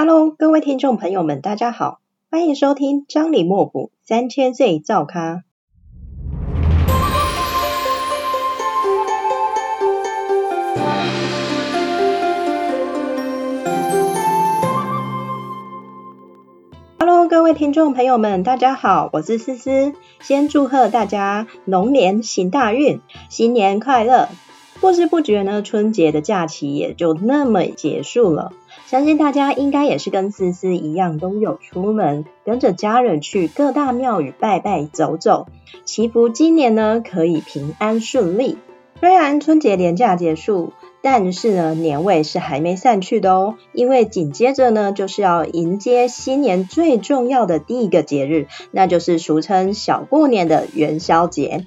哈嘍，各位聽眾朋友們，大家好，歡迎收聽張李莫卜三千歲造咖。哈嘍 各位聽眾朋友們，大家好，我是絲絲。先祝賀大家龍年行大運，新年快樂！不知不覺呢，春節的假期也就那麼結束了。相信大家應該也是跟思思一樣，都有出門跟着家人去各大廟宇拜拜、走走、祈福，今年呢可以平安順利。雖然春節連假結束，但是呢年味是還沒散去的哦、喔，因為緊接着呢就是要迎接新年最重要的第一個節日，那就是俗稱小過年的元宵節。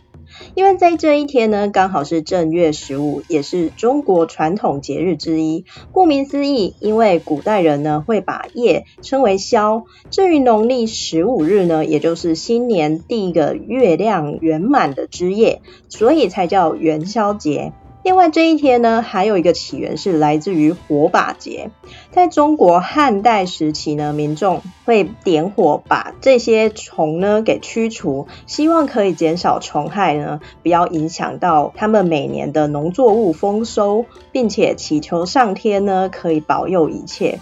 因為在這一天呢，剛好是正月十五，也是中國傳統節日之一。顧名思義，因為古代人呢會把夜稱為宵。至於農曆十五日呢，也就是新年第一個月亮圓滿的之夜，所以才叫元宵節。另外，這一天呢，還有一個起源是來自於火把節。在中國漢代時期呢，民眾會點火把這些蟲呢給驅除，希望可以減少蟲害呢，不要影響到他們每年的農作物豐收，並且祈求上天呢可以保佑一切。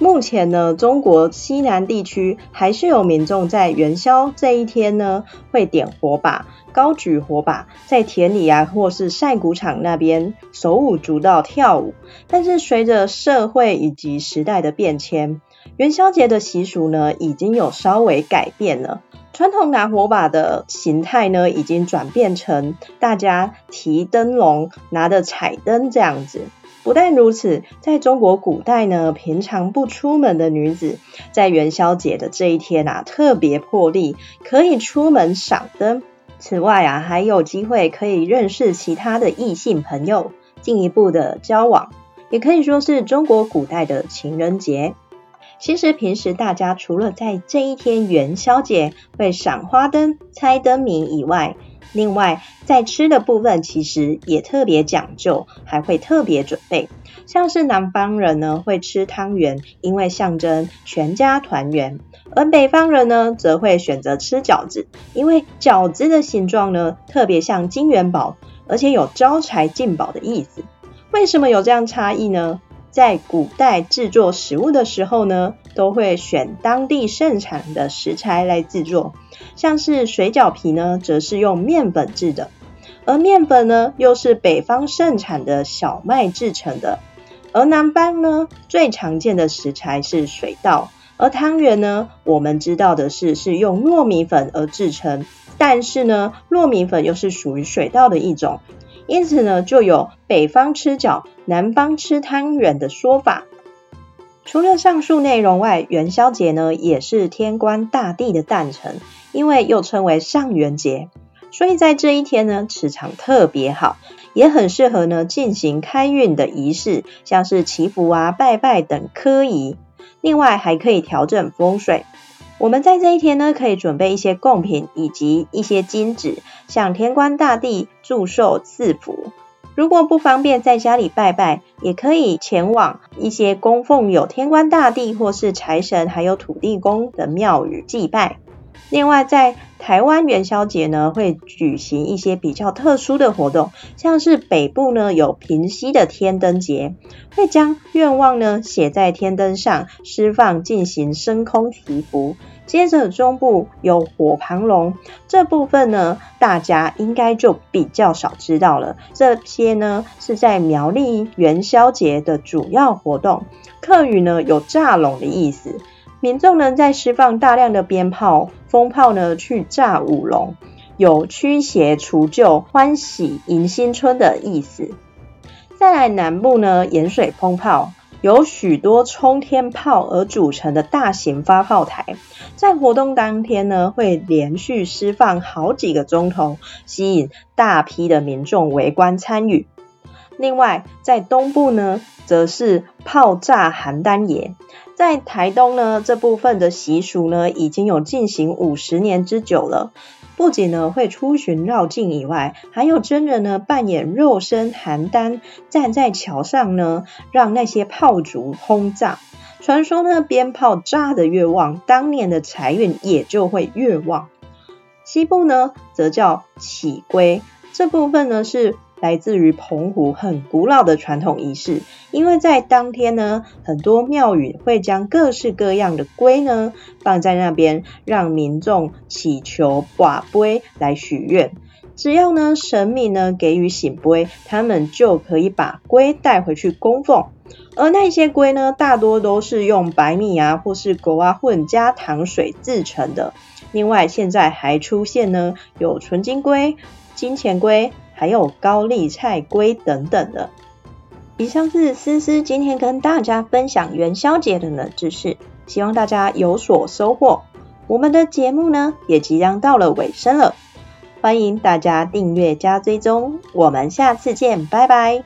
目前呢，中國西南地區還是有民眾在元宵這一天呢，會點火把，高舉火把在田裡啊，或是曬穀場那邊手舞足蹈跳舞。但是隨着社會以及時代的變遷，元宵節的習俗呢，已經有稍微改變了。傳統拿火把的形態呢，已經轉變成大家提燈籠、拿着彩燈這樣子。不但如此，在中國古代呢，平常不出門的女子，在元宵節的這一天啊，特別破例可以出門賞燈。此外啊，還有機會可以認識其他的異性朋友，進一步的交往，也可以說是中國古代的情人節。其實平時大家除了在這一天元宵節會賞花燈、猜燈謎以外，另外，在吃的部分其實也特別講究，還會特別準備。像是南方人呢會吃湯圓，因為象徵全家團圓；而北方人呢則會選擇吃餃子，因為餃子的形狀呢特別像金元寶，而且有招財進寶的意思。為什麼有這樣差異呢？在古代製作食物的時候呢，都會選當地盛產的食材來制作，像是水餃皮呢，則是用麵粉制的，而麵粉呢，又是北方盛產的小麥制成的。而南方呢，最常見的食材是水稻，而湯圓呢，我們知道的是是用糯米粉而制成，但是呢，糯米粉又是屬於水稻的一種，因此呢，就有北方吃餃，南方吃湯圓的說法。除了上述內容外，元宵節呢也是天官大帝的誕辰，因為又稱為上元節，所以在這一天呢，磁場特別好，也很適合呢進行開運的儀式，像是祈福啊、拜拜等科儀。另外，還可以調整風水。我們在這一天呢，可以準備一些貢品以及一些金紙，向天官大帝祝壽賜福。如果不方便在家裡拜拜，也可以前往一些供奉有天官大帝、或是財神、還有土地公的廟宇祭拜。另外，在台灣元宵節呢，會舉行一些比較特殊的活動，像是北部呢有平溪的天燈節，會將願望呢寫在天燈上，施放進行升空祈福。接着中部有火旁龍，這部分呢大家應該就比較少知道了。這些呢是在苗栗元宵節的主要活動，客語呢有炸龍的意思。民眾呢，在釋放大量的鞭炮、蜂炮呢，去炸舞龍，有驅邪除舊、歡喜迎新春的意思。再來南部呢，鹽水蜂炮，有許多沖天炮而組成的大型發炮台，在活動當天呢，會連續釋放好幾個鐘頭，吸引大批的民眾圍觀參與。另外，在東部呢，則是炮炸寒單爺，在台東呢這部分的習俗呢，已經有進行五十年之久了。不僅呢會出巡繞境以外，還有真人呢扮演肉身寒單站在橋上呢，讓那些炮竹轟炸。傳說呢，鞭炮炸得越旺，當年的財運也就會越旺。西部呢，則叫乞龜，這部分呢是。來自於澎湖很古老的傳統儀式，因為在當天呢，很多廟宇會將各式各樣的龜呢放在那邊，讓民眾祈求掛龜來許願。只要呢神明呢給予醒龜，他們就可以把龜帶回去供奉。而那些龜呢，大多都是用白米啊或是粿啊混加糖水製成的。另外，現在還出現呢有純金龜、金錢龜。還有高麗菜龜等等的。以上是思思今天跟大家分享元宵節的冷知識，希望大家有所收穫。我們的節目呢，也即將到了尾聲了，歡迎大家訂閱加追蹤，我們下次見，拜拜。